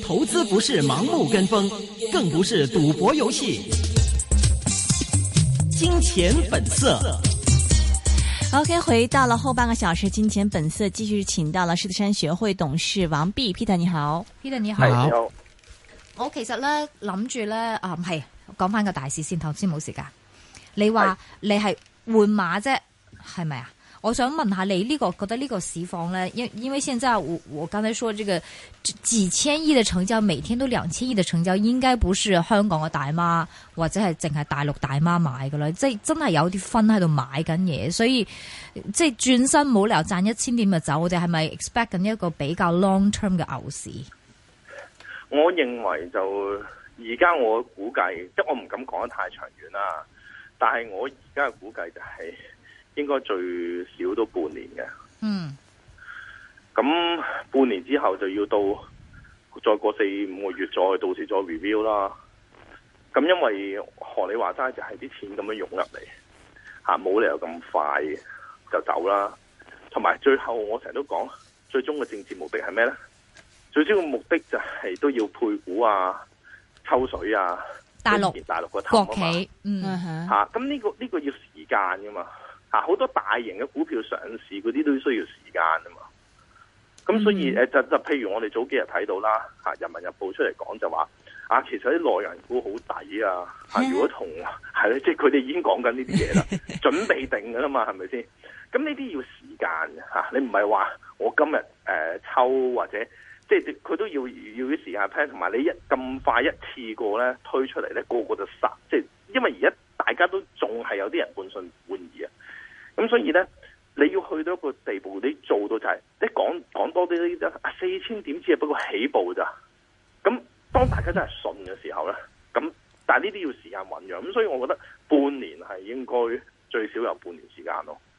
投資不是盲目跟風，更不是賭博遊戲。金錢本色。OK，回到了後半個小時，《金錢本色》繼續請到了獅子山學會董事王弼 Peter，你好，Peter 你好。Peter，你好 hi hi hi。我其實呢，諗住呢，啊，唔係，講翻個大事先，頭先冇時間。你話你係換馬啫，係咪啊？我想問下你呢個覺得呢個市況咧，因因為現在我我剛才說這個幾千億的成交，每天都兩千億的成交，應該不是香港嘅大媽或者係淨係大陸大媽買嘅啦，即係真係有啲分喺度買緊嘢，所以即係轉身冇理由賺一千點咪走，我哋係咪 expect 緊一個比較 long term 嘅牛市？我認為就而家我估計，即係我唔敢講得太長遠啦，但係我而家估計就係、是。應該最少都半年嘅。嗯。咁半年之後就要到，再過四五個月再到時再 review 啦。咁因為何你話齋就係、是、啲錢咁樣湧入嚟，吓、啊、冇理由咁快就走啦。同埋最後我成日都講，最終嘅政治目的係咩咧？最主要目的就係都要配股啊、抽水啊、大陸、大陸個國企，嗯吓、啊，咁、啊、呢、這個呢、這個要時間噶嘛。啊！好多大型嘅股票上市嗰啲都需要時間啊嘛，咁所以誒、嗯、就就譬如我哋早幾日睇到啦，吓，《人民日報》出嚟講就話啊，其實啲內人股好抵啊！吓，如果同係咧，即係佢哋已經講緊呢啲嘢啦，準備定噶啦嘛，係咪先？咁呢啲要時間吓、啊，你唔係話我今日誒、呃、抽或者即係佢都要要啲時間 plan，同埋你一咁快一次過咧推出嚟咧，個個就殺，即、就、係、是、因為而家大家都仲係有啲人半信半疑啊。咁所以咧，你要去到一個地步，你做到就係即係你講講多啲呢啲，四千點只係不過起步咋。咁當大家真係信嘅時候咧，咁但係呢啲要時間醞釀。咁所以我覺得半年係應該最少有半年時間咯。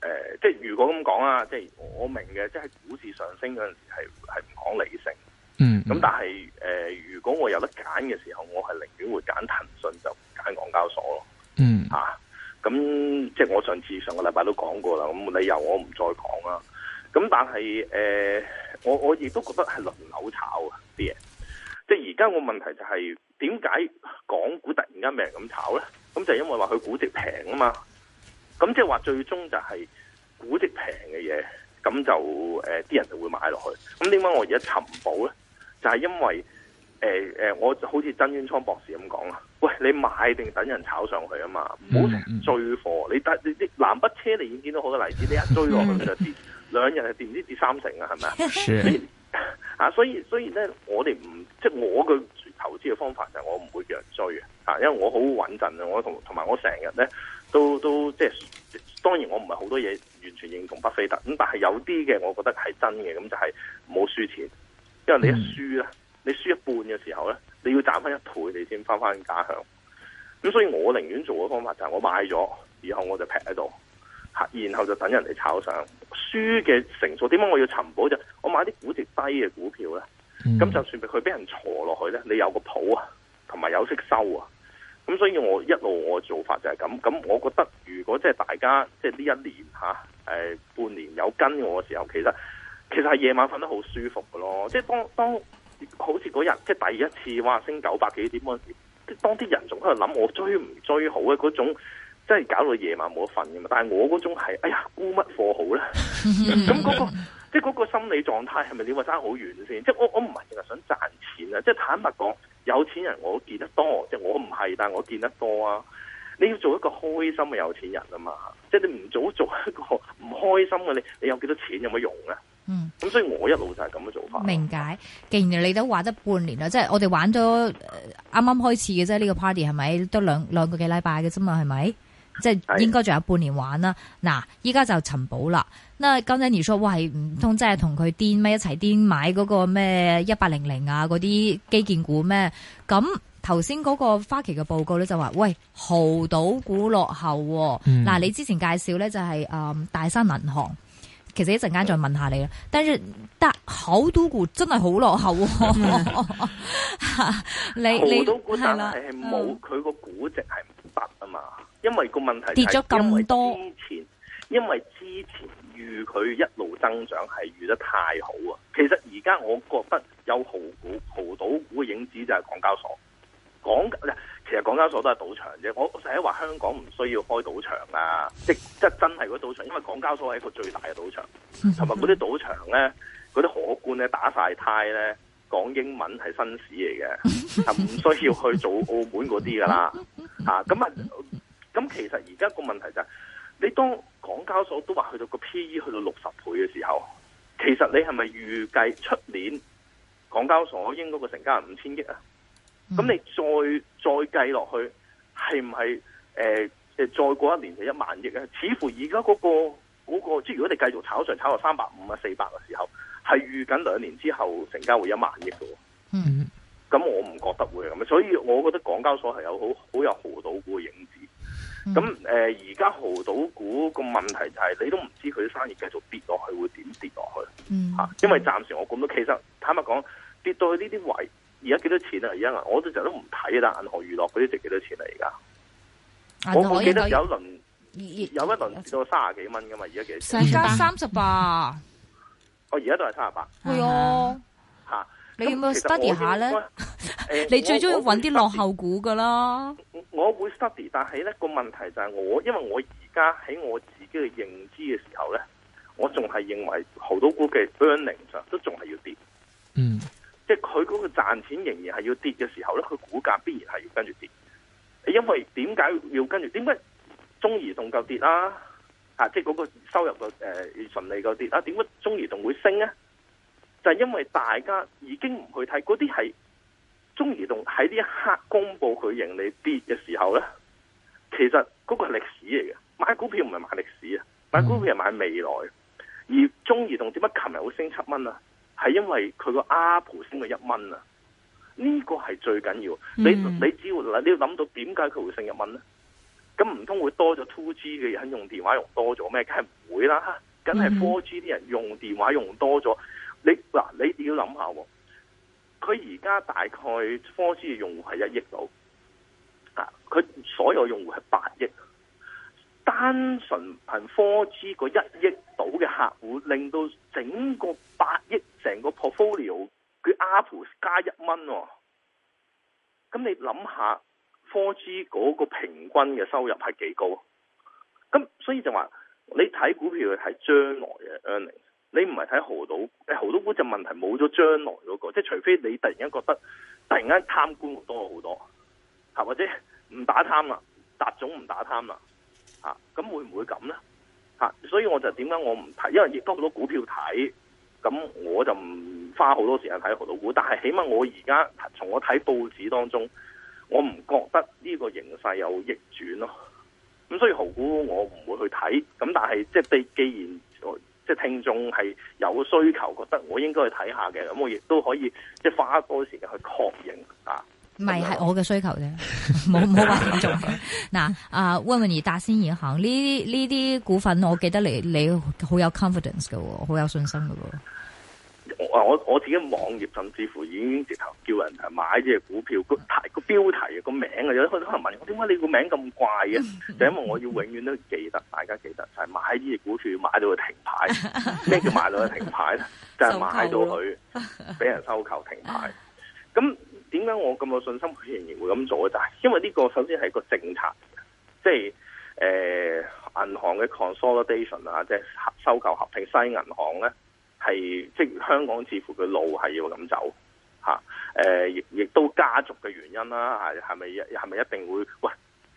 誒、呃，即係如果咁講啊，即係我明嘅，即係股市上升嗰陣時係係唔講理性，嗯。咁、嗯、但係誒、呃，如果我有得揀嘅時候，我係寧願會揀騰訊就唔揀港交所咯，嗯咁、啊、即係我上次上個禮拜都講過啦，咁理由我唔再講啦。咁但係誒、呃，我我亦都覺得係輪流炒啊啲嘢。即係而家我個問題就係點解港股突然間命人咁炒咧？咁就係因為話佢估值平啊嘛。咁即係話最終就係估值平嘅嘢，咁就誒啲、呃、人就會買落去。咁點解我而家尋寶咧？就係、是、因為誒誒、呃呃，我好似曾淵滄博士咁講啊，喂，你買定等人炒上去啊嘛，唔好成日追貨。你但你啲南北車你已經見到好多例子，你一追落去 就跌，兩日係跌唔知跌三成啊，係咪啊？啊。所以所以咧，就是、我哋唔即係我嘅投資嘅方法就係我唔會叫人追啊，吓，因為我好穩陣啊。我同同埋我成日咧。都都即係，當然我唔係好多嘢，完全認同巴菲特咁，但係有啲嘅我覺得係真嘅，咁就係冇輸錢，因為你一輸咧，你輸一半嘅時候咧，你要賺翻一倍你先翻翻家鄉。咁所以我寧願做嘅方法就係我買咗，然後我就劈喺度，吓，然後就等人嚟炒上。輸嘅成數，點解我要尋寶就？我買啲估值低嘅股票咧，咁、嗯、就算俾佢俾人鋤落去咧，你有個譜啊，同埋有，有息收啊。咁所以我一路我做法就係咁，咁我覺得如果即係大家即係呢一年嚇，誒半年有跟我嘅時候，其實其實係夜晚瞓得好舒服嘅咯，即係當當好似嗰日即係第一次哇升九百幾點嗰陣，即當啲人仲喺度諗我追唔追好嘅嗰種。真係搞到夜晚冇得瞓嘅嘛！但係我嗰種係，哎呀，估乜貨好咧？咁 嗰、嗰個即係個心理狀態係咪？你話差好遠先？即係我我唔係淨係想賺錢啊！即係坦白講，有錢人我見得多，即係我唔係，但係我見得多啊！你要做一個開心嘅有錢人啊嘛！即係你唔早做一個唔開心嘅你，你有幾多錢有乜用咧、啊？嗯，咁所以我一路就係咁嘅做法。明解。既然你都玩咗半年啦，即係我哋玩咗啱啱開始嘅啫，呢、呢個 party 係咪？得兩兩個幾禮拜嘅啫嘛，係咪？即係應該仲有半年玩啦。嗱，依家就尋寶啦。嗱 g o l d 喂係唔通真係同佢癲咩？一齊癲買嗰個咩一八零零啊？嗰啲基建股咩？咁頭先嗰個花旗嘅報告咧就話，喂，濠賭股落後，啊。嗱、嗯，你之前介紹咧就係、是、誒、嗯、大新銀行，其實一陣間再問下你。但係得濠賭股真係好落後，啊 你。你你係啦，冇佢個估值係唔得啊嘛。因為個問題是跌咗咁多，因為之前因為之前預佢一路增長係預得太好啊。其實而家我覺得有濠股、濠賭股嘅影子就係港交所。港其實港交所都係賭場啫。我成日話香港唔需要開賭場啊，即即真係嗰賭場，因為港交所係一個最大嘅賭場，同埋嗰啲賭場咧，嗰啲荷官咧打晒呔咧，講英文係紳士嚟嘅，就 唔需要去做澳門嗰啲噶啦。啊，咁啊。咁其實而家個問題就係，你當港交所都話去到個 PE 去到六十倍嘅時候，其實你係咪預計出年港交所應該個成交係五千億啊？咁、嗯、你再再計落去，係唔係誒？即、呃、再過一年就一萬億咧、啊？似乎而家嗰個、那個，即係如果你繼續炒上炒到三百五啊四百嘅時候，係預緊兩年之後成交會一萬億嘅、啊？嗯，咁我唔覺得會咁，所以我覺得港交所係有好好有濠賭股嘅影子。咁、嗯、誒，而家、呃、豪賭股個問題就係，你都唔知佢啲生意繼續跌落去會點跌落去、嗯，因為暫時我估到，其實坦白講，跌到去呢啲位，而家幾多錢啊？而家我啲就都唔睇啊！但銀河娛樂嗰啲值幾多錢啊？而、啊、家我我記得有一輪，有一輪跌到三十幾蚊噶嘛，而家幾多錢？三十八，三十八。我而家都係三十八。係、哎、啊，哎你咁 study 下咧，呃、 你最中意揾啲落後股噶咯？我會 study，但係咧個問題就係我，因為我而家喺我自己嘅認知嘅時候咧，我仲係認為好多股嘅 burning 上都仲係要跌，嗯，即係佢嗰個賺錢仍然係要跌嘅時候咧，佢股價必然係要跟住跌。因為點解要跟住？點解中移動夠跌啦、啊？啊，即係嗰個收入個誒盈利夠跌啦、啊。點解中移動會升啊？就係、是、因為大家已經唔去睇嗰啲係中移動喺呢一刻公布佢盈利跌嘅時候咧，其實嗰個係歷史嚟嘅。買股票唔係買歷史啊，買股票係買未來。而中移動點解琴日會升七蚊啊？係因為佢、這個 R P O 升咗一蚊啊？呢個係最緊要。你你只要嗱，你要諗到點解佢會升一蚊咧？咁唔通會多咗 two G 嘅人用電話用多咗咩？梗係唔會啦，吓，梗係 four G 啲人用電話用多咗。你嗱，你你要諗下，佢而家大概 4G 嘅用戶係一億度，啊，佢所有用戶係八億，單純憑 4G 嗰一億度嘅客戶，令到整個八億成個 portfolio，佢 ARPU 加1元，哦，一蚊，咁你諗下 4G 嗰個平均嘅收入係幾高？咁所以就話你睇股票係將來嘅 earning 你唔係睇濠賭，誒，濠賭股就問題冇咗將來嗰，那個，即係除非你突然間覺得突然間貪官多咗好多，吓或者唔打貪啦，習總唔打貪啦，吓、啊、咁會唔會咁咧？吓、啊，所以我就點解我唔睇，因為亦都好多股票睇，咁我就唔花好多時間睇濠賭股。但係起碼我而家從我睇報紙當中，我唔覺得呢個形勢有逆轉咯、啊。咁所以濠股我唔會去睇，咁但係即係既然。即係聽眾係有需求，覺得我應該去睇下嘅，咁我亦都可以即係花多時間去確認啊。唔係係我嘅需求啫，冇冇話聽眾嗱，啊 温沒、 呃、文怡、大新銀行呢呢啲股份，我記得你你好有 confidence 嘅、哦，好有信心嘅、哦。我我我自己網頁甚至乎已經直頭叫人嚟買呢隻股票，個題個標題個名啊，有啲可能問我點解你個名咁怪嘅？ 就因為我要永遠都記得大家記得，就係、是、買呢隻股票要買到佢停牌，咩 叫買到佢停牌咧？ 就係買到佢俾 人收購停牌。咁點解我咁有信心佢仍然，然會咁做咧？就係、是、因為呢個首先係個政策，即係誒銀行嘅 consolidation 啊，即、就、係、是、收購合併西銀行咧。係即香港似乎嘅路係要咁走，吓、啊，誒，亦亦都家族嘅原因啦，係係咪係咪一定會喂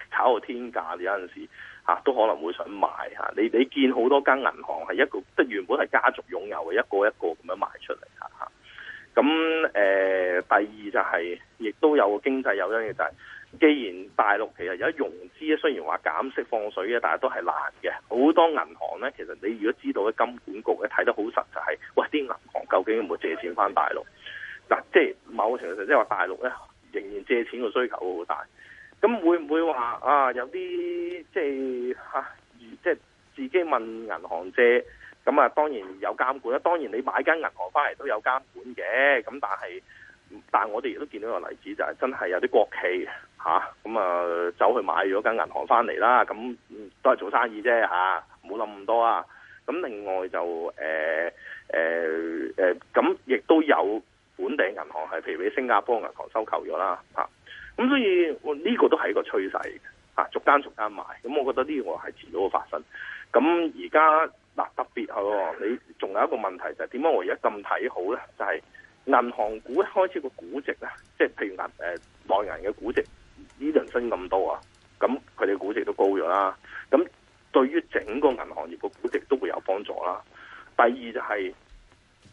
炒到天價？有陣時吓都可能會想賣吓、啊，你你見好多間銀行係一個即原本係家族擁有嘅一個一個咁樣賣出嚟吓，咁、啊、誒、啊，第二就係、是、亦都有個經濟有因嘅就係、是。既然大陸其實有啲融資咧，雖然話減息放水嘅，但係都係難嘅。好多銀行咧，其實你如果知道咧，金管局咧睇得好實，實是，就係喂啲銀行究竟有冇借錢翻大陸？嗱、啊，即係某個程度上，即係話大陸咧仍然借錢嘅需求好大。咁會唔會話啊？有啲即係、啊、即係自己問銀行借。咁啊，當然有監管啦。當然你買間銀行翻嚟都有監管嘅。咁但係。但係我哋亦都見到一個例子，就係、是、真係有啲國企嚇，咁啊走去買咗間銀行翻嚟啦，咁都係做生意啫唔冇諗咁多啊。咁另外就誒咁亦都有本地銀行係，譬如俾新加坡銀行收購咗啦嚇。咁所以呢、這個都係一個趨勢嚇、啊，逐間逐間買。咁我覺得呢個係遲早會發生。咁而家嗱特別係喎，你仲有一個問題就係點解我而家咁睇好咧？就係、是。就是銀行股開始個估值啊，即係譬如銀誒內銀嘅估值呢輪升咁多啊，咁佢哋估值都高咗啦。咁對於整個銀行業嘅估值都會有幫助啦。第二就係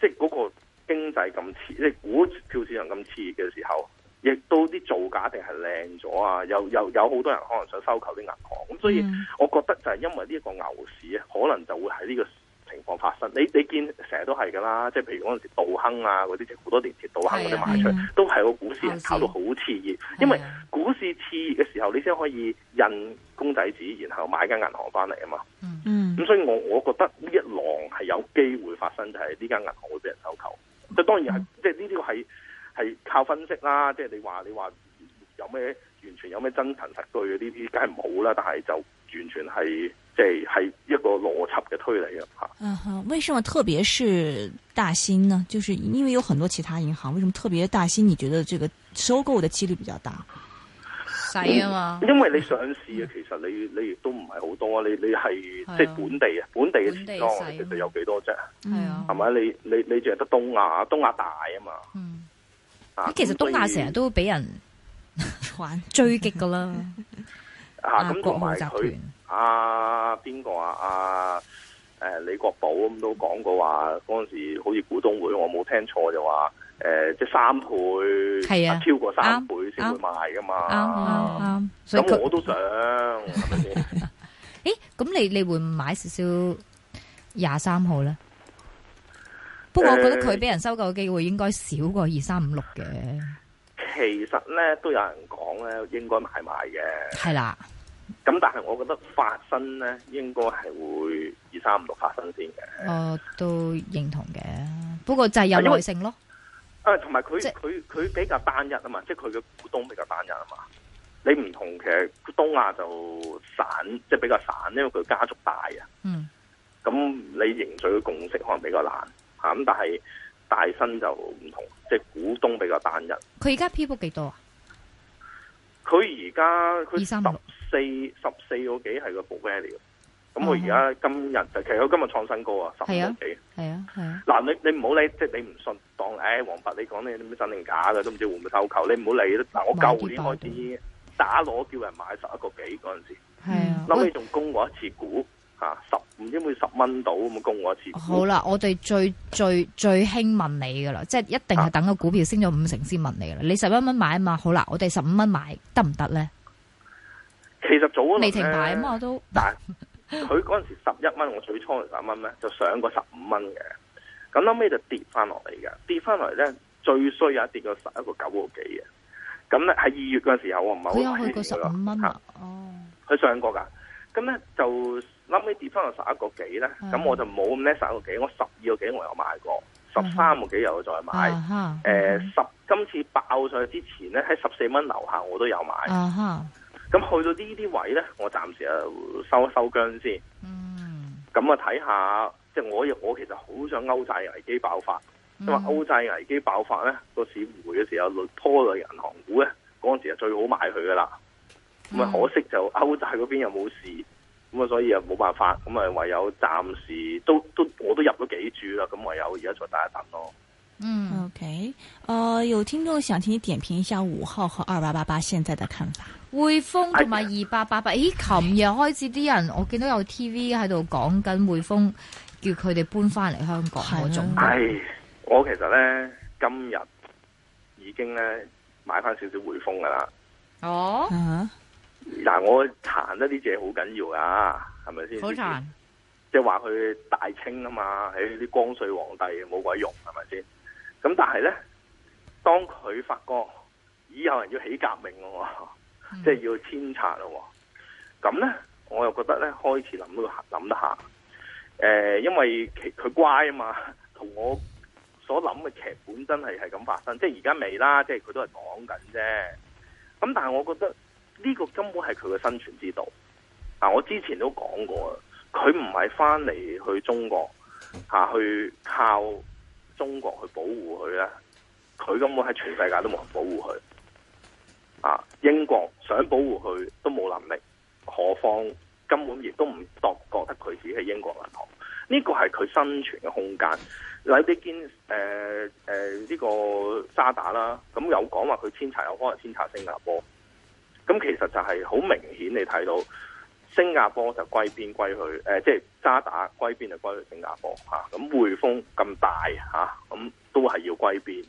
即係嗰個經濟咁熾，即係股票市場咁熾嘅時候，亦都啲造假定係靚咗啊！又有有好多人可能想收購啲銀行，咁所以我覺得就係因為呢一個牛市啊，可能就會喺呢、這個。情況發生，你你見成日都係噶啦，即係譬如嗰陣時道亨啊那些，嗰啲即係好多年前道亨嗰啲賣出去，都係個股市炒到好熾熱。因為股市熾熱嘅時候，你先可以印公仔紙，然後買間銀行翻嚟啊嘛。嗯，咁所以我我覺得呢一浪係有機會發生就是這會，就係呢間銀行會俾人收購。即當然係，即係呢啲係係靠分析啦。即係你話你話有咩完全有咩真憑實據？呢啲梗係冇啦，但係就完全係。即係一個邏輯嘅推理啊！吓，為什麼特別是大新呢？就是因為有很多其他銀行，為什麼特別大新？你覺得這個收購嘅幾率比較大？細啊嘛，因為你上市啊，啊、啊、嗯、啊，其實你你亦都唔係好多，你你係即係本地啊，本地嘅地方，佢哋有幾多啫？係啊，係咪你你你淨係得東亞，東亞大啊嘛。其實東亞成日都俾人玩 追擊噶啦。啊，咁、啊、國浩集團。啊阿、啊、邊個啊？阿、啊、誒李國寶咁都講過話，嗰陣時好似股東會，我冇聽錯就話誒、呃，即係三倍係啊，超過三倍先會賣噶嘛。啱啱，所以我都想，係咪先？誒、 欸，咁你你會唔買少少廿三號咧、欸？不過我覺得佢俾人收購嘅機會應該少過二三五六嘅。其實咧都有人講咧，應該買賣嘅。係啦。咁但係，我覺得發生咧應該係會二三五六發生先嘅。哦、啊，都認同嘅。不過就係有耐性咯。啊，同埋佢佢佢比較單一啊嘛，即係佢嘅股東比較單一啊嘛。你唔同其實東亞就散，即係比較散，因為佢家族大啊。嗯。咁你凝聚嘅共識可能比較難嚇。咁但係大新就唔同，即係股東比較單一。佢而家 PB 幾多啊？佢而家佢二三六。四十四個幾係個 buffer 嚟嘅。咁我而家今日就，其實我今日創新高啊，十一個幾。係啊係啊，嗱你你唔好理，即係你唔信當誒，王弼你講咧有啲咩真定假噶，都唔知會唔會收購，你唔好理。嗱我舊年開始打攞叫人買十一個幾嗰陣時，係啊，諗起仲供過一次股吓，十唔知會十蚊到咁供我一次。好啦，我哋最最最興問你噶啦，即係一定係等個股票升咗五成先問你噶啦。你十一蚊買啊嘛，好啦，我哋十五蚊買得唔得咧？其實早嗰陣咧，未停牌啊嘛我都但，但係佢嗰陣時十一蚊，我最初係十一蚊咧，就上過十五蚊嘅，咁臨尾就跌翻落嚟嘅，跌翻落嚟咧最衰有一跌過十一個九個幾嘅，咁咧喺二月嗰陣時候我唔係好買佢有去過十五蚊啊，哦、嗯，佢上過噶咁咧就臨尾跌翻落十一個幾咧，咁、嗯、我就冇咁叻十一個幾，我十二個幾我有買過，十三個幾又再買，誒、嗯嗯呃、十今次爆上去之前咧喺十四蚊樓下我都有買。嗯。咁去到呢啲位呢，我暫時啊收一收薑先。嗯，咁啊睇下，即係我我其實好想歐債危機爆發，因為歐債危機爆發呢，個市回嘅時候，亂拖、亂銀行股呢，嗰陣時就最好買佢噶啦。咁、嗯、啊可惜就歐債嗰邊又冇事，咁啊所以又冇辦法，咁啊唯有暫時都都我都入咗幾注啦，咁唯有而家再打一躉咯。嗯，OK，誒、呃，有聽眾想聽你點評一下五號和二八八八現在的看法。匯豐同埋二八八八，咦，琴日開始啲人，我見到有 TV 喺度講緊匯豐，叫佢哋搬翻嚟香港嗰種。係、嗯，我其實咧今日已經咧買翻少少匯豐噶啦。哦，嗱、啊啊，我殘得呢隻嘢好緊要啊，係咪先？好殘。即係話佢大清啊嘛，喺啲光緒皇帝冇鬼用，係咪先？咁但係咧，當佢發覺，已有人要起革命嘅、嗯，即係要遷拆咯。咁咧，我又覺得咧，開始諗到諗得下。誒、呃，因為佢乖啊嘛，同我所諗嘅劇本真係係咁發生。即係而家未啦，即係佢都係講緊啫。咁但係我覺得呢個根本係佢嘅生存之道。嗱、啊，我之前都講過，佢唔係翻嚟去中國吓、啊，去靠。中國去保護佢咧，佢根本喺全世界都冇人保護佢。啊，英國想保護佢都冇能力，何況根本亦都唔覺覺得佢自己係英國銀行。呢個係佢生存嘅空間。嗱，你見誒誒呢個渣打啦，咁、啊嗯、有講話佢遷冊，有可能遷冊新加坡。咁、嗯、其實就係好明顯，你睇到。新加坡就歸邊，歸去，誒、呃，即係渣打歸邊就歸去新加坡吓。咁匯豐咁大吓，咁、啊啊、都係要歸邊。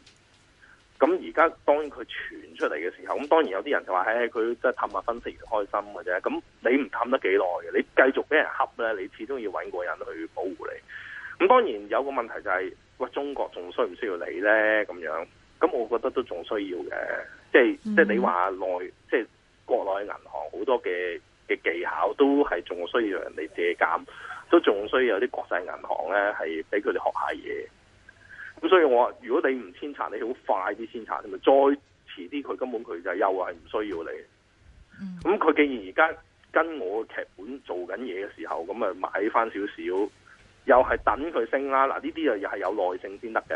咁而家當然佢傳出嚟，嘅時候，咁、啊、當然有啲人就話誒，佢即係氹下分析師開心嘅啫。咁、啊、你唔氹得幾耐嘅？你繼續俾人恰咧，你始終要搵個人去保護你。咁、啊、當然有個問題就係、是，喂，中國仲需唔需要你咧？咁樣，咁我覺得都仲需要嘅，即係即係你話內，即、嗯、係、就是、國內銀行好多嘅。嘅技巧都係仲需要人哋借鑑，都仲需要有啲國際銀行咧，係俾佢哋學下嘢。咁所以我如果你唔先查，你好快啲先查，咁啊再遲啲佢根本佢就優惠唔需要你。咁、嗯、佢既然而家跟我的劇本做緊嘢嘅時候，咁啊買翻少少，又係等佢升啦。嗱呢啲又又係有耐性先得嘅。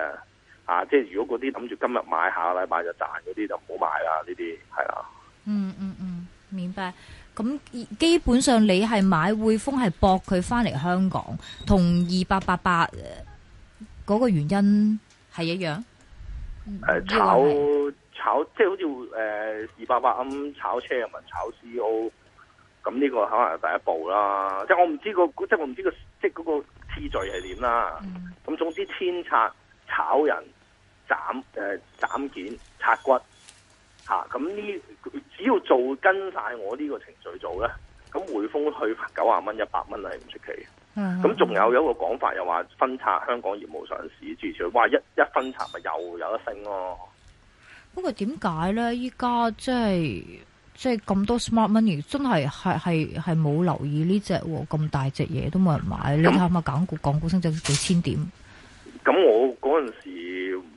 啊，即係如果嗰啲諗住今日買下個禮拜就賺嗰啲，就唔好買啦。呢啲係啦。嗯嗯嗯，明白。咁基本上你係買匯豐係搏佢翻嚟香港，同二八八八嗰個原因係一樣。誒，炒炒即係好似誒二八八咁炒車，又咪炒 CEO 咁呢個可能係第一步啦。即係我唔知道，嗰個即係我唔知，嗰個即係個次序係點啦。咁、嗯、總之天，牽拆炒人斬誒斬件拆骨。吓咁呢？只要做跟晒我呢個程序做咧，咁匯豐去九啊蚊、一百蚊係唔出奇嘅。咁仲有有一個講法又話分拆香港業務上市，住住哇！一一分拆咪又有，有得升咯，啊。不過點解咧？依家即係即係咁多 Smart Money 真係係係係冇留意呢隻咁大隻嘢都冇人買。你睇下港股港股升咗幾千點。咁我嗰陣時。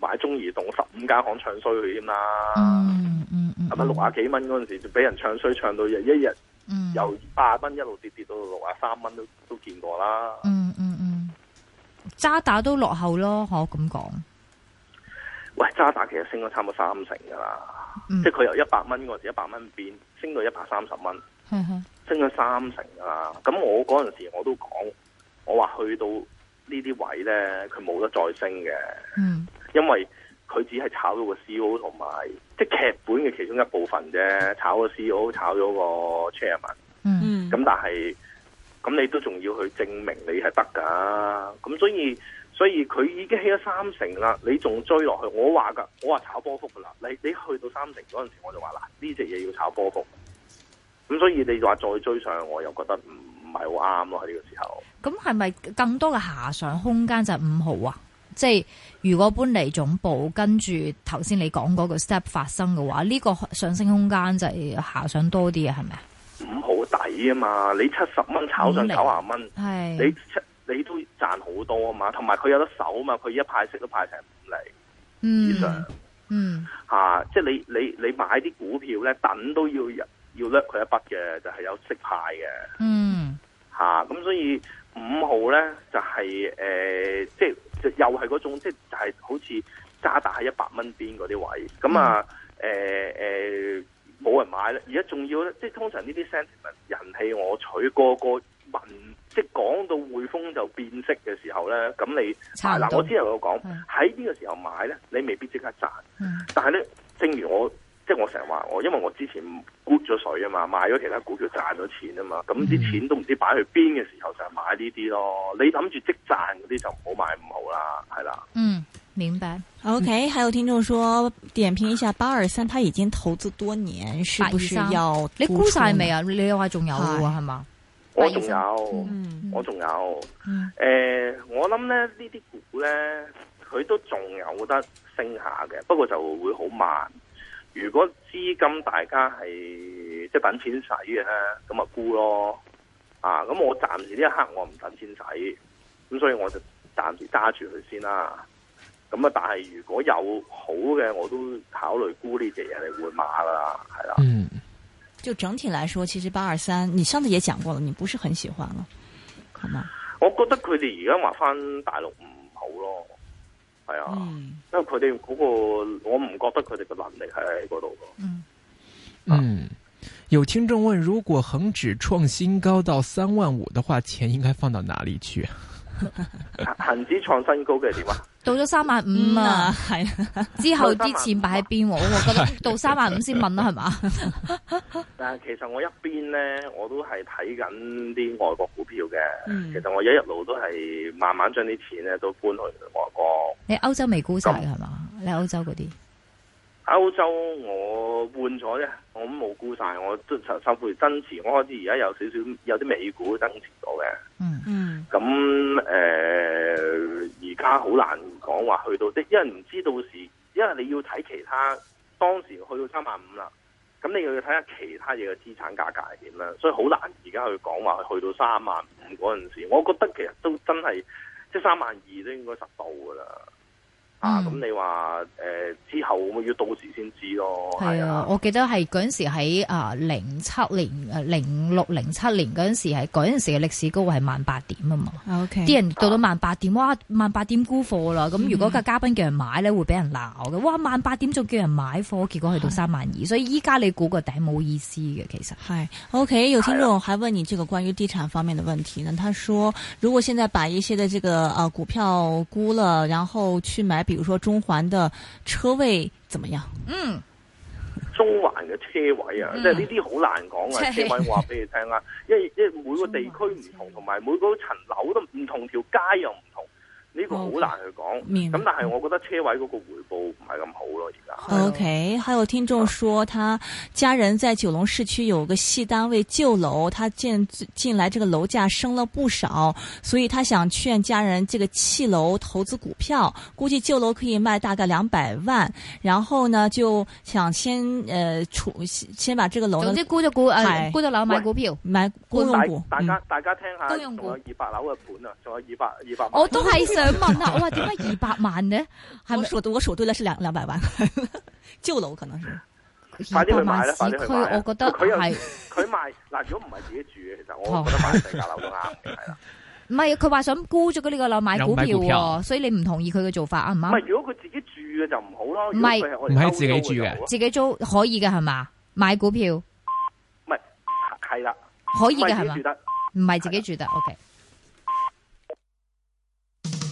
買中移動十五間行唱衰佢添啦，係咪六啊幾蚊嗰陣時就俾人唱衰唱到一日由八蚊一路跌跌到六啊三蚊都都見過啦。嗯嗯嗯，嗯，渣打都落後咯，我咁講？喂，渣打其實升咗差唔多三成噶啦，嗯，即係佢由一百蚊嗰陣時一百蚊變升到一百三十蚊，升咗三成噶啦。咁我嗰陣時我都講，我話去到這些置呢啲位咧，佢冇得再升嘅。嗯因為佢只係炒咗個 CEO 同埋即係劇本嘅其中一部分啫，炒咗 CEO 炒咗個 Chairman。嗯，咁但係咁你都仲要去證明你係得噶，咁所以所以佢已經起咗三成啦，你仲追落去？我話噶，我話炒波幅噶啦，你你去到三成嗰陣時候，我就話嗱呢隻嘢要炒波幅。咁所以你話再追上，我又覺得唔唔係好啱咯喺呢個時候。咁係咪更多嘅下上空間就係五毫啊？即係如果搬嚟總部，跟住頭先你講嗰個 step 發生嘅話，呢、呢個上升空間就係下上多啲嘅，係咪啊？咁好抵啊嘛，你七十蚊炒上九啊蚊，你七你都賺好多啊嘛，同埋佢有得收啊嘛，佢一派息都派成五釐、嗯、以上，嗯，嚇、啊，即係你你你買啲股票咧，等都要入要掠佢一筆嘅，就係、是、有息派嘅，嗯，嚇、啊，咁所以。五號咧就係、是、誒、呃，即係又係嗰種，即係就係、是、好似渣打喺一百蚊邊嗰啲位，咁啊誒誒冇人買咧，而家仲要咧，即係通常呢啲 sentiment 人氣我取，個個問，即係講到匯豐就變色嘅時候咧，咁你嗱，我之後有講喺呢個時候買咧，你未必即刻賺、嗯，但係咧，正如我。即係我成日話我，因為我之前沽咗水啊嘛，賣咗其他股票賺咗錢啊嘛，咁啲錢都唔知擺去邊嘅時候就係買呢啲咯。你諗住即賺嗰啲就唔好買唔好啦，係啦。嗯，明白。OK，、嗯、還有聽眾說點評一下八二三，他已經投資多年，是不是要？你估晒未啊？你話仲有係嘛？我仲有，嗯、我仲有。誒、嗯呃，我諗咧呢啲股咧，佢都仲有得升下嘅，不過就會好慢。如果資金大家係即係等錢使嘅，咁咪沽咯。啊，咁我暫時呢一刻我唔等錢使，咁所以我就暫時揸住佢先啦。咁啊，但係如果有好嘅，我都考慮沽呢隻嘢嚟換碼啦，係啦。嗯，就整體來說，其實八二三，你上次也講過了，你不是很喜歡啦，係嘛？我覺得佢哋而家話翻大陸唔好咯。係、哎、啊、嗯，因為佢哋嗰個我唔覺得佢哋嘅能力係喺嗰度嘅。嗯，有聽眾問：如果恒指創新高到三萬五嘅話，錢應該放到哪裏去？恒 指創新高嘅點啊？ 到咗三萬五啊，係 之後啲錢擺喺邊？我覺得到三萬五先問啦，係 嘛是吧？ 但係其實我一邊咧，我都係睇緊啲外國股票嘅，嗯。其實我一一路都係慢慢將啲錢咧都搬去外國。你歐洲未沽晒係嘛？你歐洲嗰啲？歐洲我換咗啫，我冇沽晒，我都受受增持。我開始而家有少少有啲美股增持咗嘅。嗯嗯。咁誒，而家好難講話去到即因為唔知道到時，因為你要睇其他當時去到三萬五啦，咁你要睇下其他嘢嘅資產價格係點啦，所以好難而家去講話去到三萬五嗰陣時，我覺得其實都真係即三萬二都應該實到㗎啦。嗯、啊，咁你話誒、呃、之後要到時先知咯。係啊、哎，我記得係嗰陣時喺啊零七年誒零六零七年嗰陣時係嗰陣時嘅歷史高係萬八點啊嘛。O K，啲人到到萬八點，啊、哇萬八點沽貨啦。咁如果個嘉賓叫人買咧、嗯，會俾人鬧嘅。哇萬八點仲叫人買貨，結果去到三萬二。所以依家你估個頂冇意思嘅，其實係。O、okay, K，有聽眾，還問你呢個關於地產方面嘅問題呢？他說如果現在把一些的，這個、呃、股票沽了，然後去買。比如說中環的車位怎麼樣？嗯，中環嘅車位啊，即係呢啲好難講啊、嗯！車位話俾你聽、啊、 因為因為每個地區唔同，同埋每個層樓都唔同，條街又唔同。呢、這個好難去講，咁、okay, 但係我覺得車位嗰個回報唔係咁好咯，而家。OK，、啊、還有聽眾說他家人在九龍市區有個細單位舊樓，他見進來，這個樓價升了不少，所以他想勸家人這個契樓投資股票，估計舊樓可以賣大概兩百萬，然後呢就想先呃儲先把這個樓。總之估估，樓買股票，買、嗯、公用股。大家大家聽下，仲有二百樓嘅盤啊，仲有二百二百萬、啊。我、oh, 都係。想問啊，我話點解二百萬呢？係咪傻咗，我傻咗咧，是兩兩百萬，朝 樓可能是，是。二百萬市區，我覺得係。佢賣嗱，如果唔係自己住嘅，其實我覺得買。買成樓啱，係啦。唔係，佢話想沽咗呢個樓買股票，所以你唔同意佢嘅做法啱唔啱？唔係，如果佢自己住嘅就唔好咯。唔係唔係自己住嘅，自己租可以嘅係嘛？買股票。唔係係啦，可以嘅係嘛？唔係自己住得，OK。